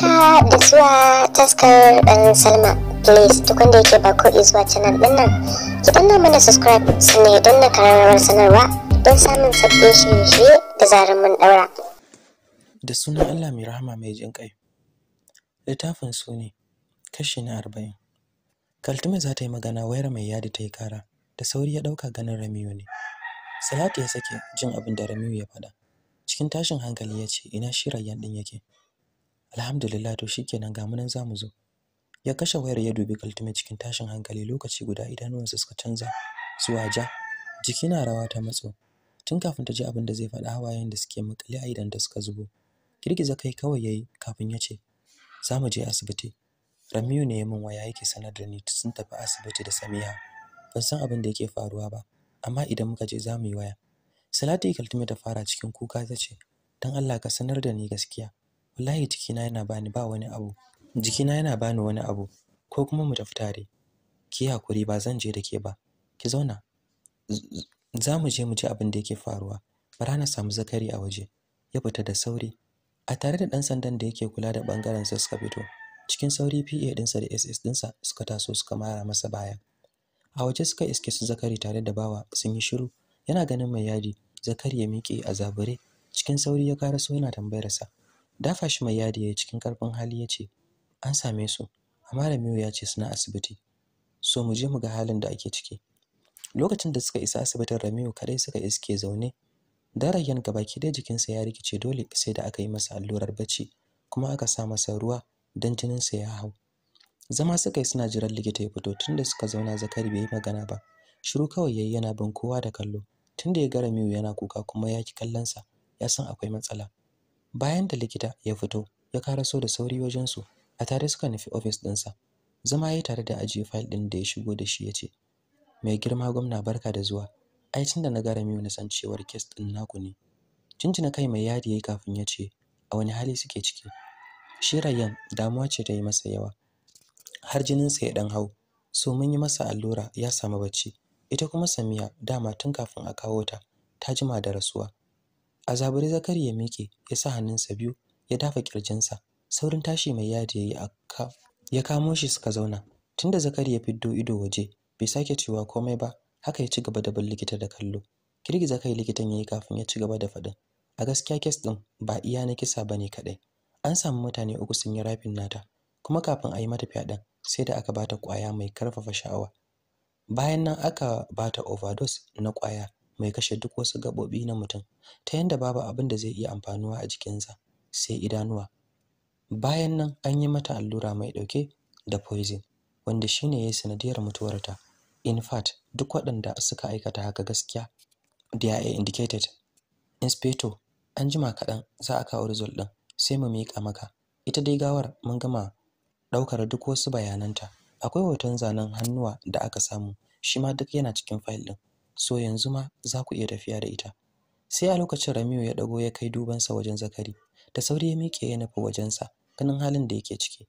haka da zuwa taskar dan salma please duk wanda yake ba ko zuwa canal din nan ki danna mana subscribe sannan ya danna karamar sanarwa don samun sabbin shirye-shirye da zarar mun daura da sunan allah mai rahama mai jin kai littafin su ne kashi na arba'in kaltume za ta yi magana wayar mai yadi ta yi kara da sauri ya ɗauka ganin ramiyu ne salatu ya sake jin abin da ramiyu ya faɗa cikin tashin hankali ya ce ina shi rayyan ɗin yake alhamdulillah to shikenan ga munan zamu zo ya kashe wayar ya dubi kaltume cikin tashin hankali lokaci guda idanuwansa suka canza zuwa ja jiki na rawa ta matso tun kafin ta ji abin da zai faɗa hawayen da suke makale a idan da suka zubo girgiza kai kawai yayi kafin ya ce za je asibiti Ramiyu ne min waya yake sanar da ni sun tafi asibiti da Samiya ban san abin da yake faruwa ba amma idan muka je za yi waya Salatu Kaltume ta fara cikin kuka ta ce dan Allah ka sanar da ni gaskiya wallahi jikina yana bani ba wani abu jikina yana bani wani abu ko kuma mu tafi tare ki hakuri ba zan je da ke ba ki zauna za mu je mu ji abin da yake faruwa bara samu zakari a waje ya fita da sauri a tare da ɗan sandan da yake kula da bangaren sa suka fito cikin sauri PA ɗinsa da SS ɗinsa suka taso suka mara masa baya a waje suka iske su zakari tare da bawa sun yi shiru yana ganin mai yadi zakari ya miƙe a zabure cikin sauri ya karaso yana tambayar sa. dafa shi mai yadi ya yi cikin ƙarfin hali ya ce an same su amma Ramiu ya ce suna asibiti so mu je mu ga halin da ake ciki lokacin da suka isa asibitin Ramiu kadai suka iske zaune gaba gabaki da jikinsa ya rikice dole sai da aka yi masa allurar bacci kuma aka sa masa ruwa don jininsa ya hau zama suka yi suna jiran likita ya fito tunda suka zauna zakari bai yi magana ba shiru kawai yayi yana bin kowa da kallo tunda ya ga Ramiu yana kuka kuma ya ki kallonsa ya san akwai matsala bayan da likita ya fito ya karaso da sauri wajen su a tare suka nufi ofis ɗinsa zama ya tare da ajiye fayil ɗin da ya shigo da shi ya ce mai girma gwamna barka da zuwa ai tun da na gara miyu na san cewar kes ɗin naku ne jinjina kai mai yadi yayi kafin ya ce a wani hali suke ciki shi rayyan damuwa ce ta yi masa yawa har jininsa ya ɗan hau so mun yi masa allura ya samu bacci ita kuma samiya dama tun kafin a kawo ta ta jima da rasuwa A Zakari ya miƙe, ya sa hannunsa biyu ya dafa ƙirjinsa. Saurin tashi mai yadi ya yi ya kamo shi suka zauna. Tunda Zakari ya fiddo ido waje, bai sake cewa komai ba, haka ya ci gaba da bin likita da kallo. Girgiza kai likitan ya yi kafin ya ci gaba da faɗin. A gaskiya kes ɗin ba iya na kisa ba ne kaɗai. An samu mutane uku sun yi rafin nata, kuma kafin a yi mata fyaɗen sai da aka bata ƙwaya mai karfafa sha'awa. Bayan nan aka bata overdose na ƙwaya mai kashe duk wasu gaɓoɓi na mutum ta yadda babu abin da zai iya amfanuwa a jikinsa sai idanuwa bayan nan an yi mata allura mai ɗauke da poison wanda shine ya yi sanadiyar mutuwarta in fact duk waɗanda suka aikata haka gaskiya da are indicated inspector an jima kaɗan za a kawo result ɗin sai mu miƙa maka ita dai gawar mun gama ɗaukar duk wasu bayananta akwai hoton zanen hannuwa da aka samu shi ma duk yana cikin fayil ɗin so yanzu ma za ku iya tafiya da ita sai a lokacin Ramiu ya dago ya kai dubansa wajen Zakari da sauri ya miƙe ya nufi wajensa ganin halin da yake ciki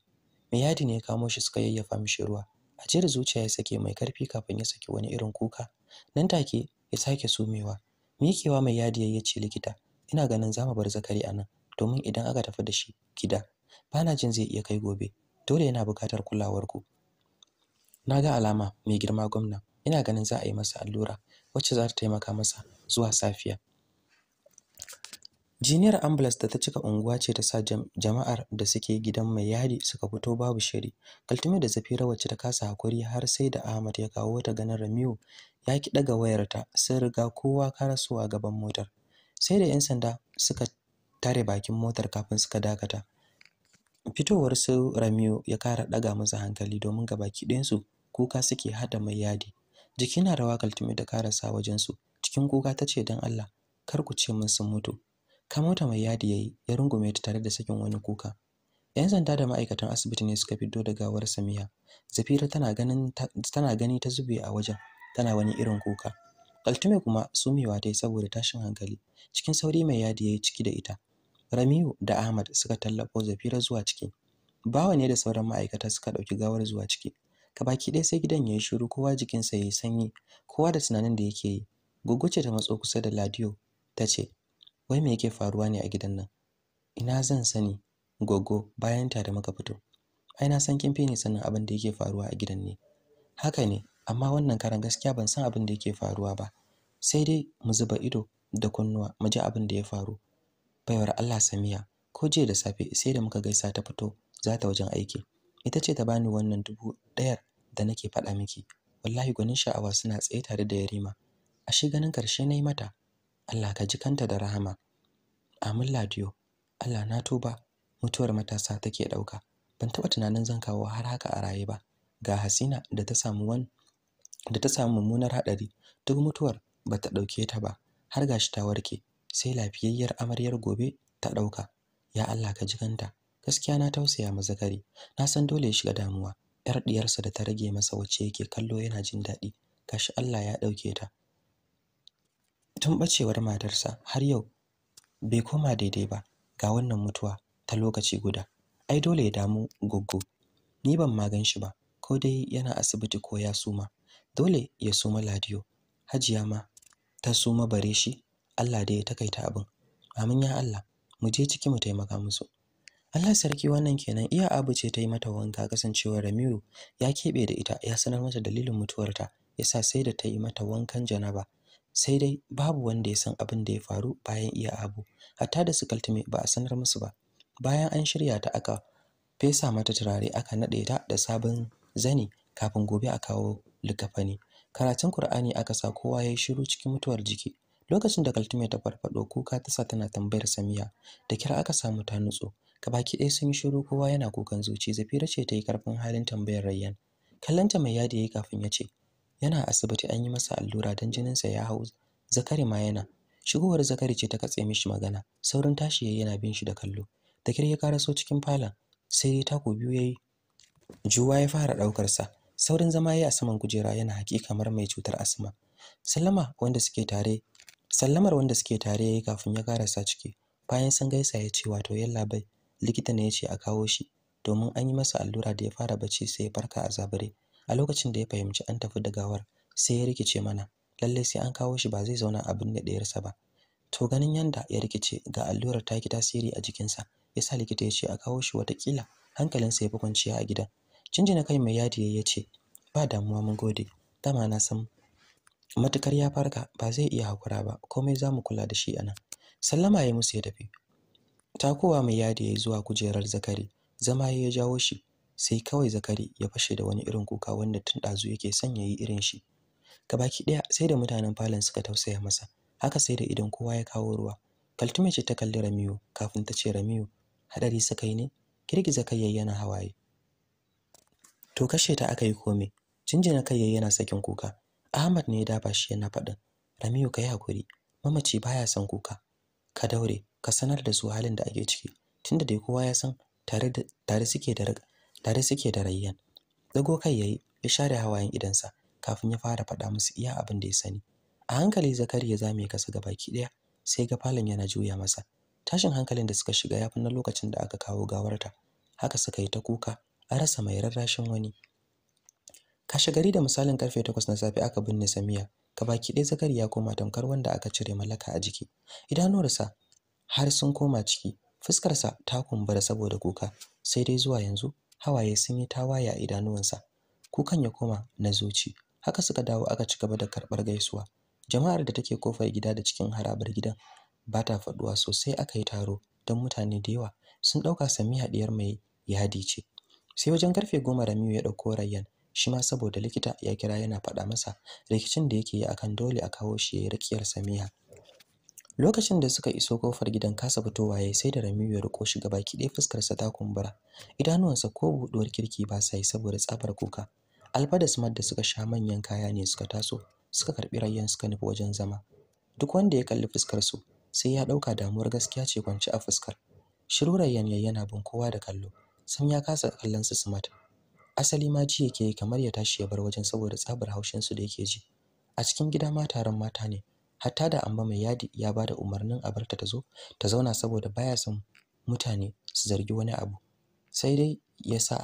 Mai yadi ne ya kamo shi suka yayyafa mishi ruwa A ajiyar zuciya ya sake mai karfi kafin ya saki wani irin kuka nan take ya sake sumewa miƙewa mai yadi ya ce likita ina ganin za mu bar Zakari a nan domin idan aka tafi da shi gida Ba na jin zai iya kai gobe dole yana buƙatar kulawarku na ga alama mai girma gwamna Ina ganin za a yi masa allura wacce za ta taimaka masa zuwa safiya. Jiniyar ambulance da ta cika unguwa ce ta sa jama'ar da suke gidan mai yadi suka fito babu shiri. Kaltume da Zafira wacce ta kasa hakuri har sai da Ahmad ya kawo wata ganin Ramiu ya ki daga wayarta sai riga kowa karasuwa gaban motar. Sai da 'yan sanda suka tare bakin motar kafin suka dakata. Fitowar su Ramiu ya kara daga masa hankali domin gabaki ɗayansu kuka suke hada mai yadi. jiki na rawa kaltume da karasa su. cikin kuka ta ce don allah kar ku ce min sun mutu Ka mota mai yadi yayi ya rungume ta tare da sakin wani kuka yan sanda da ma'aikatan asibiti ne suka fito da gawar samiya zafira tana ganin tana gani ta zube a wajen tana wani irin kuka kaltume kuma sumewa ta yi saboda tashin hankali cikin sauri mai yadi yayi ciki da ita ramiu da ahmad suka tallafo zafira zuwa ciki bawa ne da sauran ma'aikata suka ɗauki gawar zuwa ciki Gabaki ɗaya sai gidan ya yi shiru kowa jikinsa ya yi sanyi, kowa da tunanin da yake yi. Goggo ce ta matso kusa da Ladiyo ta ce, "Wai me yake faruwa ne a gidan nan?" "Ina zan sani, Goggo, bayan tare muka fito." "Ai na san kin fi ni sanin abin da yake faruwa a gidan ne." "Haka ne, amma wannan karan gaskiya ban san abin da yake faruwa ba. Sai dai mu zuba ido da kunnuwa mu ji abin da ya faru." Baiwar Allah Samiya, ko jiya da safe sai da muka gaisa ta fito za ta wajen aiki. ita ce ta bani wannan dubu ɗayar da nake faɗa miki wallahi gwanin sha'awa suna tsaye tare da yarima ashe ganin ƙarshe na yi mata Allah ka ji kanta da rahama amin ladiyo Allah na tuba mutuwar matasa take ɗauka ban taɓa tunanin zan kawo har haka a raye ba ga hasina da ta samu wani da ta samu mummunar haɗari duk mutuwar ba ta ɗauke ta ba har gashi ta warke sai lafiyayyar amaryar gobe ta ɗauka ya Allah ka ji kanta gaskiya na tausaya masa zakari na san dole ya shiga damuwa yar ɗiyarsa da ta rage masa wacce yake kallo yana jin daɗi gashi Allah ya ɗauke ta tun bacewar matarsa har yau bai koma daidai ba ga wannan mutuwa ta lokaci guda ai dole ya damu goggo ni ban ma ganshi ba ko dai yana asibiti ko ya suma dole ya suma ladiyo hajiya ma ta suma bare shi Allah dai ya takaita abin amin ya Allah mu je ciki mu taimaka musu Allah sarki wannan kenan iya abu ce ta yi mata wanka kasancewar Ramiru ya keɓe da ita ya sanar mata dalilin mutuwarta ya sa sai da ta yi mata wankan janaba sai dai babu wanda ya san abin da ya faru bayan iya abu hatta da sukaltume ba a sanar musu ba bayan an shirya ta aka fesa mata turare aka naɗe ta da sabon zani kafin gobe a kawo likafani karatun Kur'ani aka sa kowa ya shiru cikin mutuwar jiki lokacin da kaltume ta farfado kuka ta sa tana tambayar samiya da kira aka samu ta nutso Gabaki ɗaya sun yi shiru kowa yana kukan zuci. Zafira ce ta yi karfin halin tambayar Rayyan. Kallanta mai yadi ya yi kafin ya ce, yana asibiti an yi masa allura don jininsa ya hau. Zakari ma yana. Shigowar Zakari ce ta katse mishi magana. Saurin tashi yayi yana bin shi da kallo. Da kyar ya karaso cikin falon, sai ya tako biyu yayi. Juwa ya fara ɗaukar sa. Saurin zama yayi a saman kujera yana haƙi kamar mai cutar asma. Sallama wanda suke tare sallamar wanda suke tare yayi kafin ya karasa ciki bayan sun gaisa ya ce wato yalla bai likita ne ya ce a kawo shi domin an yi masa allura da ya fara bacci sai ya farka a zabare a lokacin da ya fahimci an tafi da gawar sai ya rikice mana Lallai sai an kawo shi ba zai zauna a binne ɗayarsa ba to ganin yanda ya rikice ga allurar ta ki tasiri a jikinsa ya sa likita ya ce a kawo shi watakila hankalinsa ya fi kwanciya a gidan na kai mai yadi ya ce ba damuwa mun gode dama na san matukar ya farka ba zai iya hakura ba komai za mu kula da shi a nan. sallama ya musu ya tafi takowa mai yadi ya yi zuwa kujerar zakari zama ya jawo shi sai kawai zakari ya fashe da wani irin kuka wanda tun ɗazu yake son ya yi irin shi gabaki ɗaya sai da mutanen falon suka tausaya masa haka sai da idan kowa ya kawo ruwa kaltume ce ta kalli ramiyu kafin ta ce ramiyu haɗari sakai ne girgiza kai yana hawaye to kashe ta aka yi kome jinjina kai yana sakin kuka ahmad ne ya dafa shi yana faɗin ramiyu ka yi hakuri mamaci baya son kuka ka daure ka sanar da su halin da ake ciki tunda dai kowa ya san tare da tare suke da tare suke da rayyan dago kai yayi ya share hawayen idansa kafin ya fara faɗa musu iya abin da ya sani a hankali zakari ya zame kasa gabaki ki ɗaya sai ga falon yana juya masa tashin hankalin da suka shiga ya fi na lokacin da aka kawo gawarta haka suka yi ta kuka a rasa mai rarrashin wani kashe gari da misalin karfe 8 na safe aka binne Samiya ka baki ɗaya zakari ya koma tamkar wanda aka cire malaka a jiki idanuwarsa har sun koma ciki fuskarsa ta kumbura saboda kuka sai dai zuwa yanzu hawaye sun yi tawaye a idanuwansa kukan ya koma na zuci haka suka dawo aka ci gaba da karɓar gaisuwa jama'ar da take kofar gida da cikin harabar gidan ba ta faduwa sosai aka yi taro don mutane da yawa sun ɗauka samiya ɗiyar mai yadi ce sai wajen karfe goma ramiyu ya ɗauko rayyan shi ma saboda likita ya kira yana faɗa masa rikicin da yake yi akan dole a kawo shi ya yi rakiyar samiya lokacin da suka iso kofar gidan kasa fitowa yi sai da Ramiyu ya riko shi baki ɗaya fuskar sa ta kumbura idanuwansa ko buɗuwar kirki ba yi saboda tsafar kuka Alfa da Smart da suka sha manyan kaya ne suka taso suka karbi rayuwar suka nufi wajen zama duk wanda ya kalli fuskar su sai ya ɗauka damuwar gaskiya ce kwance a fuskar shiru yayi yana bin kowa da kallo Sun ya kasa kallon su Smart asali ma ji yake kamar ya tashi ya bar wajen saboda tsabar haushin su da yake ji a cikin gida ma taron mata ne hatta da amma mai yadi ya bada umarnin a barta ta zo ta zauna saboda baya son mutane su zargi wani abu sai dai ya sa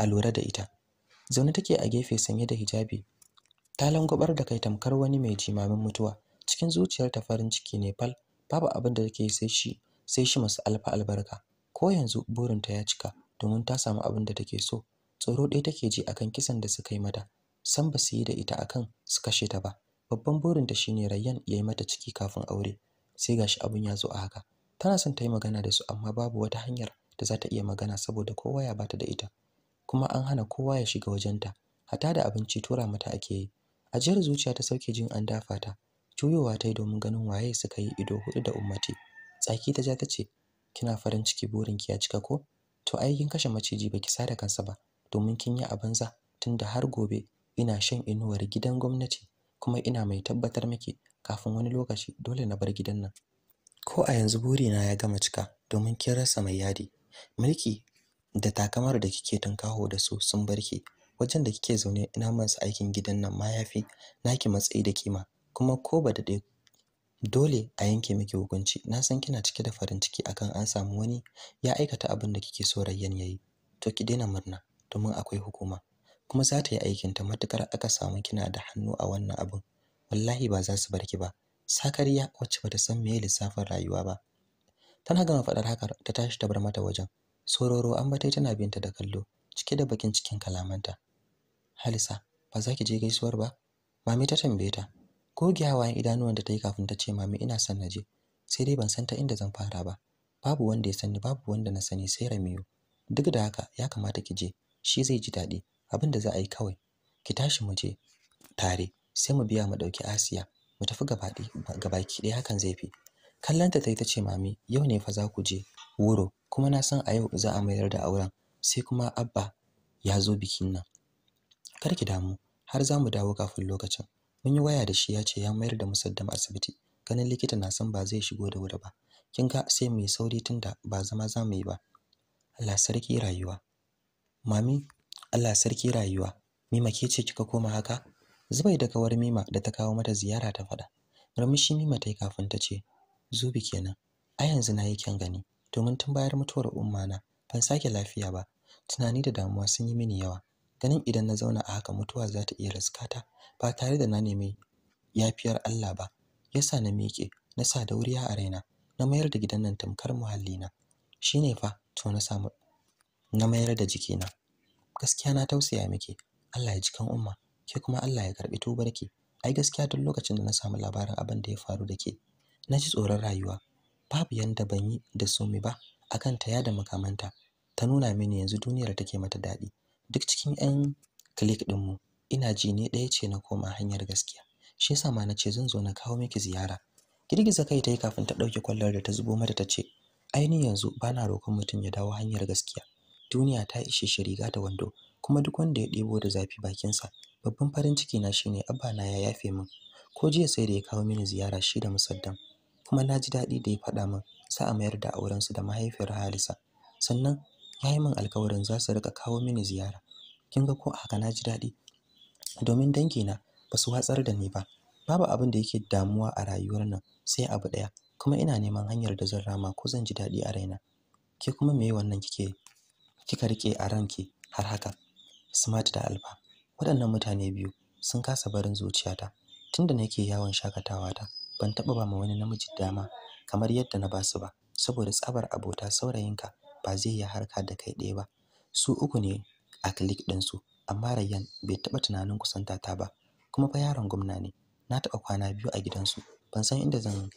a lura da ita zaune take a gefe sanye da hijabi ta langwabar da kai tamkar wani mai jimamin mutuwa cikin zuciyarta farin ciki ne fal babu abin da take sai shi sai shi masu alfa albarka ko yanzu burinta ya cika domin ta samu abin da take so tsoro ɗaya take ji akan kisan da suka yi mata san ba su yi da ita akan su kashe ta ba babban burinta shine Rayyan ya yi mata ciki kafin aure sai gashi abun ya zo a haka tana son ta yi magana da su amma babu wata hanyar da za ta iya magana saboda kowa ya bata da ita kuma an hana kowa ya shiga wajenta hata da abinci tura mata ake yi ajiyar zuciya ta sauke jin an dafa ta juyowa ta yi domin ganin waye suka yi ido hudu da ummati tsaki ta ja ta ce kina farin ciki burinki ya cika ko to ai kin kashe maciji baki sada kansa ba domin kin yi a banza tunda har gobe ina shan inuwar gidan gwamnati kuma ina mai tabbatar miki kafin wani lokaci dole na bar gidan nan ko a yanzu burina ya gama cika domin kin rasa mai yadi mulki da takamar da kike tunkaho da su sun barke wajen da kike zaune ina masa aikin gidan nan ma yafi naki matsayi da kima kuma ko ba da dole a yanke miki hukunci na san kina cike da farin ciki akan an samu wani ya aikata abin da kike so rayyan yayi to ki daina murna domin akwai hukuma kuma za ta yi ta matukar aka samu kina da hannu a wannan abun. wallahi ba za su barki ba sakariya wacce bata san meye lissafin rayuwa ba tana gama faɗar haka ta tashi ta bar mata wajen sororo an batai tana binta da kallo cike da bakin cikin kalamanta halisa ba za ki je gaisuwar ba mami ta tambaye ta goge hawayen idanuwan da ta yi kafin ta ce mami ina son na je sai dai ban san ta inda zan fara ba babu wanda ya sani babu wanda na sani sai ramiyo duk da haka ya kamata ki je shi zai ji daɗi abin da za a yi kawai ki tashi mu je tare sai mu biya mu dauki Asiya mu tafi gabaki ɗaya hakan zai fi kallanta ta yi ta ce mami yau ne fa za ku je wuro kuma na san a yau za a mayar da auren sai kuma abba ya zo bikin nan kar ki damu har za mu dawo kafin lokacin mun yi waya da shi ya ce ya mayar da musaddam asibiti ganin likita na san ba zai shigo da wuri ba kin ga sai mu yi sauri tunda ba zama za mu yi ba Allah sarki rayuwa mami Allah sarki rayuwa Mima ke ce kika koma haka Zubai da kawar Mima da ta kawo mata ziyara ta faɗa Ramishi Mima tai kafin ta ce zubi kenan a yanzu na yi kyan gani domin tun bayar mutuwar umma na ban sake lafiya ba tunani da damuwa sun yi mini yawa ganin idan na zauna a haka mutuwa za ta iya raskata ba tare da na nemi yafiyar Allah ba yasa na miƙe na sa dauriya a raina na mayar da gidan nan tamkar muhallina shine fa to na samu na mayar da jikina gaskiya na tausaya miki Allah ya jikan umma ke kuma Allah ya karbi tobarki ai gaskiya duk lokacin da na samu labarin abin da ya faru da ke na ji tsoron rayuwa babu yanda ban yi da somi ba akan ta da makamanta ta nuna mini yanzu duniyar take mata daɗi duk cikin 'yan click mu. ina ji ne ɗaya ce na koma hanyar gaskiya shi yasa ma na ce zan zo na kawo miki ziyara girgiza kai ta yi kafin ta ɗauki kwallon da ta zubo mata ta ce ainihin yanzu ba na roƙon mutum ya dawo hanyar gaskiya duniya ta ishe shi riga da wando kuma duk wanda ya ɗebo da zafi bakinsa babban farin ciki na shine abba na ya yafe min ko jiya sai da ya kawo mini ziyara shi da musaddam kuma na ji daɗi da ya faɗa min za a mayar da aurensu da mahaifiyar Halisa sannan ya yi min alkawarin za su riƙa kawo mini ziyara kin ga ko haka na ji daɗi domin dangina ba su watsar da ni ba babu abin da yake damuwa a rayuwar nan sai abu ɗaya kuma ina neman hanyar da zan rama ko zan ji daɗi a raina ke kuma me wannan kike kika rike a ranki har haka smart da alfa waɗannan mutane biyu sun kasa barin zuciyata tunda nake yawon shakatawa ta ban taɓa ba ma wani namiji dama kamar yadda na basu ba saboda tsabar abota saurayinka ba zai yi harka da kai ɗaya ba su uku ne a click ɗinsu amma Rayyan bai taɓa tunanin kusanta ta ba kuma fa yaron gwamna ne na taɓa kwana biyu a gidansu ban san inda zan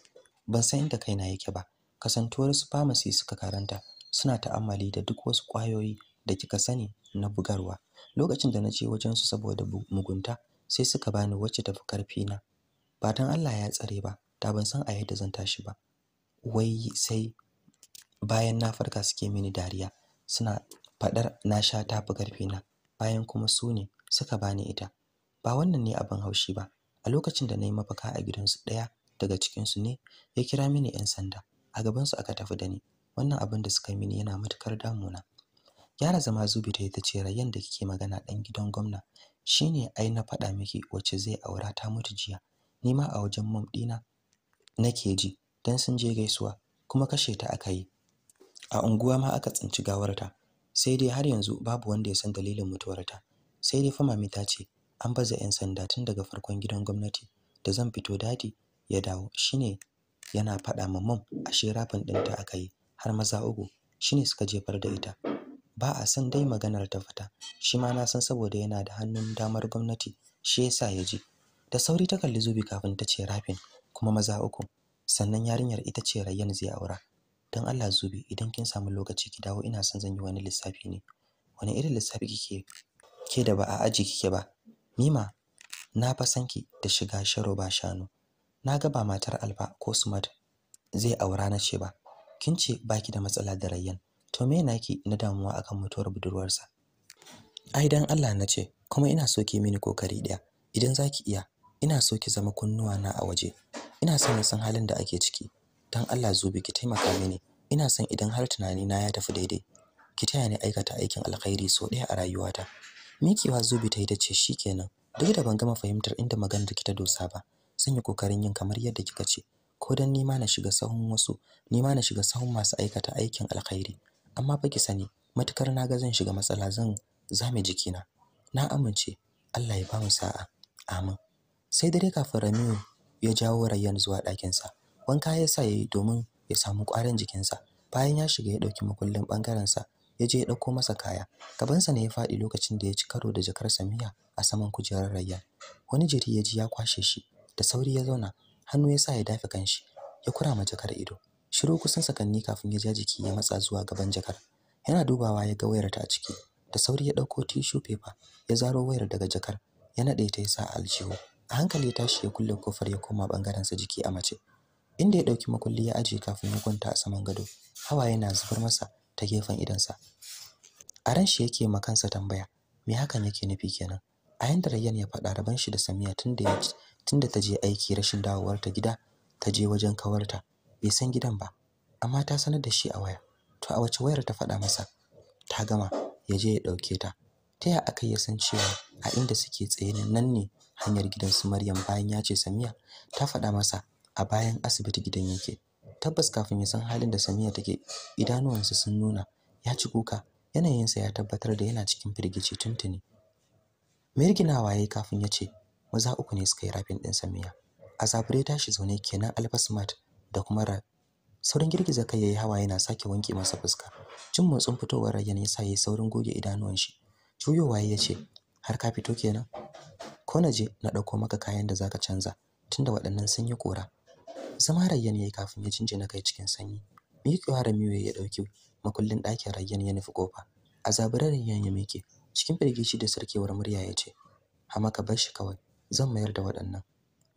ban san inda kaina yake ba kasantuwar su famasi suka karanta suna ta'ammali da duk wasu ƙwayoyi da kika sani na bugarwa lokacin da na ce wajen su saboda mugunta sai suka bani wacce tafi karfi na ba dan Allah ya tsare ba da ban san a yadda zan tashi ba wai sai bayan na farka suke mini dariya suna fadar na sha tafi karfi na bayan kuma su ne suka bani ita ba wannan ne abin haushi ba a lokacin da na yi mafaka a gidansu ɗaya daga cikinsu ne ya kira mini 'yan sanda a gabansu aka tafi da ni wannan abin da suka mini yana matukar damuna gyara zama zubi yi ta ce rayan da kike magana dan gidan gwamna shine ai na faɗa miki wacce zai aura ta mutu jiya ni ma a wajen mom ɗina nake ji dan sun je gaisuwa kuma kashe ta aka yi a unguwa ma aka tsinci gawarta sai dai har yanzu babu wanda ya san dalilin mutuwarta sai dai fa mami ta ce an baza 'yan sanda tun daga farkon gidan gwamnati da zan fito dadi ya dawo shine yana faɗa ma mom ashe rafin ɗinta aka yi har maza uku ne suka jefar da ita ba a san dai maganar ta fita shi ma na san saboda yana da hannun damar gwamnati shi ya sa ya ji da sauri ta kalli zubi kafin ta ce rafin kuma maza uku sannan yarinyar ita ce rayyan zai aura don Allah zubi idan kin samu lokaci ki dawo ina son zan yi wani lissafi ne wani irin lissafi kike ke da ba a aji kike ba Mima. na fa san da shiga sharo ba shanu na ga ba matar Alfa ko Smart zai aura na ce ba kin ce baki da matsala da rayyan to me naki na damuwa akan mutuwar budurwarsa ai dan Allah na ce kuma ina so ki mini kokari daya idan zaki iya ina so ki zama kunnuwa na a waje ina son ya san halin da ake ciki dan Allah zubi ki taimaka mini ina son idan har tunani na ya tafi daidai ki taya ni aikata aikin alkhairi so daya a rayuwata Mikiwa zubi ta yi da ce shikenan duk da ban gama fahimtar inda maganar ki ta dosa ba zan yi kokarin yin kamar yadda kika ce ko dan nima na shiga sahun wasu nima na shiga sahun masu aikata aikin alkhairi amma baki sani matukar naga zan shiga matsala zan zame jikina na amince Allah ya bamu sa'a amin sai dare kafin Ramiu ya jawo Rayyan zuwa ɗakinsa wanka ya sa yayi domin ya samu ƙwarin jikinsa bayan ya shiga ya ɗauki makullin bangaren sa ya je ya ɗauko masa kaya gabansa ne ya faɗi lokacin da ya ci karo da jakar samiya a saman kujerar rayya wani jiri ya ji ya kwashe shi da sauri ya zauna hannu ya sa ya dafe kanshi ya kura ma jakar ido shiru kusan sakanni kafin ya ja jiki ya matsa zuwa gaban jakar yana dubawa ya ga wayar ta a ciki da sauri ya dauko tishu paper ya zaro wayar daga jakar ya nade ta yasa aljihu a hankali ya tashi ya kulle kofar ya koma bangaren sa jiki a mace inda ya dauki makulli ya aje kafin ya kwanta a saman gado hawa yana zubar masa ta gefen idansa a ran shi yake kansa tambaya me hakan yake nufi kenan a yanda Rayyan ya faɗa rabon shi da Samiya tunda ya tunda ta je aiki rashin dawowar ta gida ta je wajen kawarta bai san gidan ba amma ta sanar da shi a waya to a wace wayar ta faɗa masa ta gama ya je ya ɗauke ta ta ya aka ya san cewa a inda suke tsaye nan ne hanyar gidan su Maryam bayan ya ce Samiya ta faɗa masa a bayan asibiti gidan yake tabbas kafin ya san halin da Samiya take idanuwansa sun nuna ya ci kuka yanayinsa ya tabbatar da yana cikin firgici tuntuni mirginawa yayi kafin ya ce maza uku ne suka yi rafin din samiya a zafire tashi zaune kenan alfasmat da kuma ra saurin girgiza kai ya yayi hawa yana sake wanke masa fuska jin motsin fitowar rayyan yasa yayi saurin goge idanuwan shi waye ya ce har ka fito kenan ko na je na dauko maka kayan da zaka canza tunda waɗannan sun yi kora zama rayyan yayi kafin ya jinjina kai cikin sanyi miƙewa da miyo ya ɗauki makullin ɗakin rayyan ya nufi kofa a zabirar rayyan ya miƙe cikin firgici da sarkewar murya ya ce hama ka bar shi kawai zan mayar da waɗannan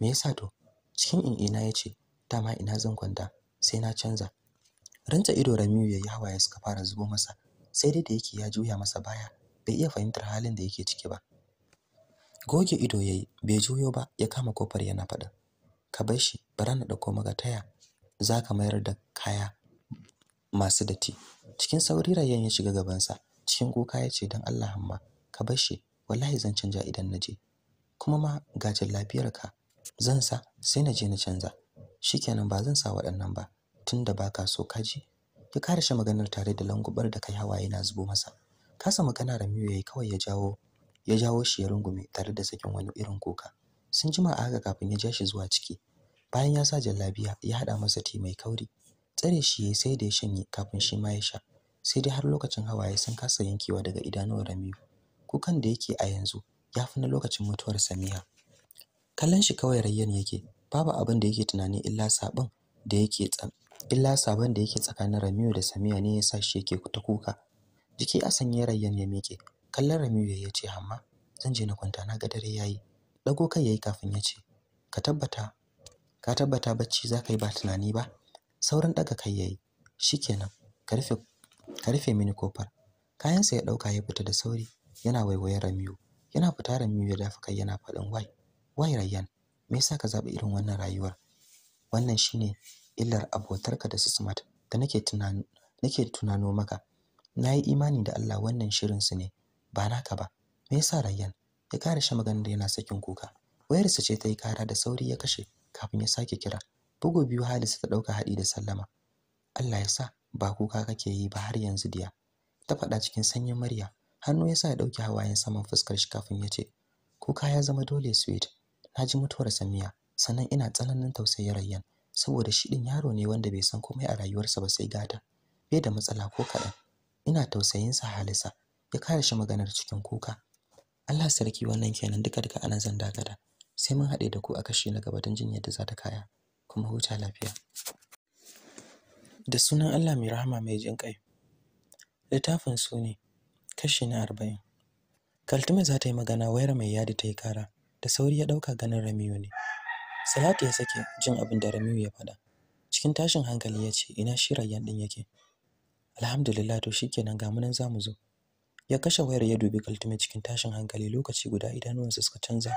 me yasa to cikin in'ina ya ce dama ina zan kwanta sai na canza ranta ido Ramiyu ya yi hawaye suka fara zubo masa sai dai da yake ya juya masa baya bai iya fahimtar halin da yake ciki ba goge ido yayi bai juyo ba ya kama kofar yana faɗin ka bar shi bara na ɗauko maka taya za ka mayar da kaya masu datti cikin sauri Rayyan ya shiga gabansa cikin kuka ya ce don Allah hamma ka bar shi wallahi zan canja idan na je kuma ma gajin ka zan sa sai na je na canza shikenan ba zan sa waɗannan ba tunda ka so ka ji? ya karashe maganar tare da langubar da kai hawaye na zubo masa kasa magana da miyoyi yayi kawai ya jawo ya jawo shi ya rungume tare da sakin wani irin kuka sun jima a haka kafin ya ja shi zuwa ciki bayan ya sa jallabiya ya haɗa masa ti mai kauri tsare shi yayi sai da ya shanye kafin shi ma ya sha sai dai har lokacin hawaye sun kasa yankewa daga idanuwan Ramiyu kukan da yake a yanzu ya fi na lokacin mutuwar Samiha kallon shi kawai Rayyan yake babu abin da yake tunani illa sabon da yake illa tsakanin Ramiyu da Samiha ne yasa shi yake ta kuka jiki a sanye Rayyan ya miƙe kallon Ramiyu ya ce amma zan je na kwanta na ga dare yayi dago kai yayi kafin ya ce ka tabbata ka tabbata bacci zaka yi ba tunani ba sauran daga kai yayi shikenan ka rufe ka rufe mini kofar kayansa ya ɗauka ya fita da sauri yana waiwaye Ramiyu yana fita Ramiyu ya dafa kai yana faɗin wai wai Rayyan me yasa ka zaɓi irin wannan rayuwar wannan shine illar abotarka da su Smart da nake tunani nake tunano maka nayi imani da Allah wannan shirin su ne ba naka ba me yasa Rayyan ya kare shi maganar da yana sakin kuka wayarsa ce ta yi kara da sauri ya kashe kafin ya sake kira bugu biyu Halisa ta ɗauka haɗi da sallama Allah ya sa ba kuka kake yi ba har yanzu diya ta faɗa cikin sanyin murya hannu ya sa ya ɗauki hawayen saman fuskar shi kafin ya ce kuka ya zama dole sweet na ji mutuwar samiya sannan ina tsananin tausayin rayyan saboda shi ɗin yaro ne wanda bai san komai a rayuwarsa ba sai gata bai da matsala ko kaɗan ina tausayinsa halisa ya kare shi maganar cikin kuka Allah sarki wannan kenan duka duka ana zan dagada sai mun haɗe da ku a kashi na gaba don jin yadda za ta kaya kuma huta lafiya da sunan Allah mai rahama mai jin ƙai. Littafin su ne kashi na arba'in. Kaltume za ta yi magana wayar mai yadi ta yi kara da sauri ya ɗauka ganin Ramiyu ne. Salatu ya sake jin abin da Ramiyu ya faɗa. Cikin tashin hankali ya ce ina shi rayuwar ɗin yake. Alhamdulillah to shi kenan ga munan za mu zo. Ya kashe wayar ya dubi Kaltume cikin tashin hankali lokaci guda idanuwansa suka canza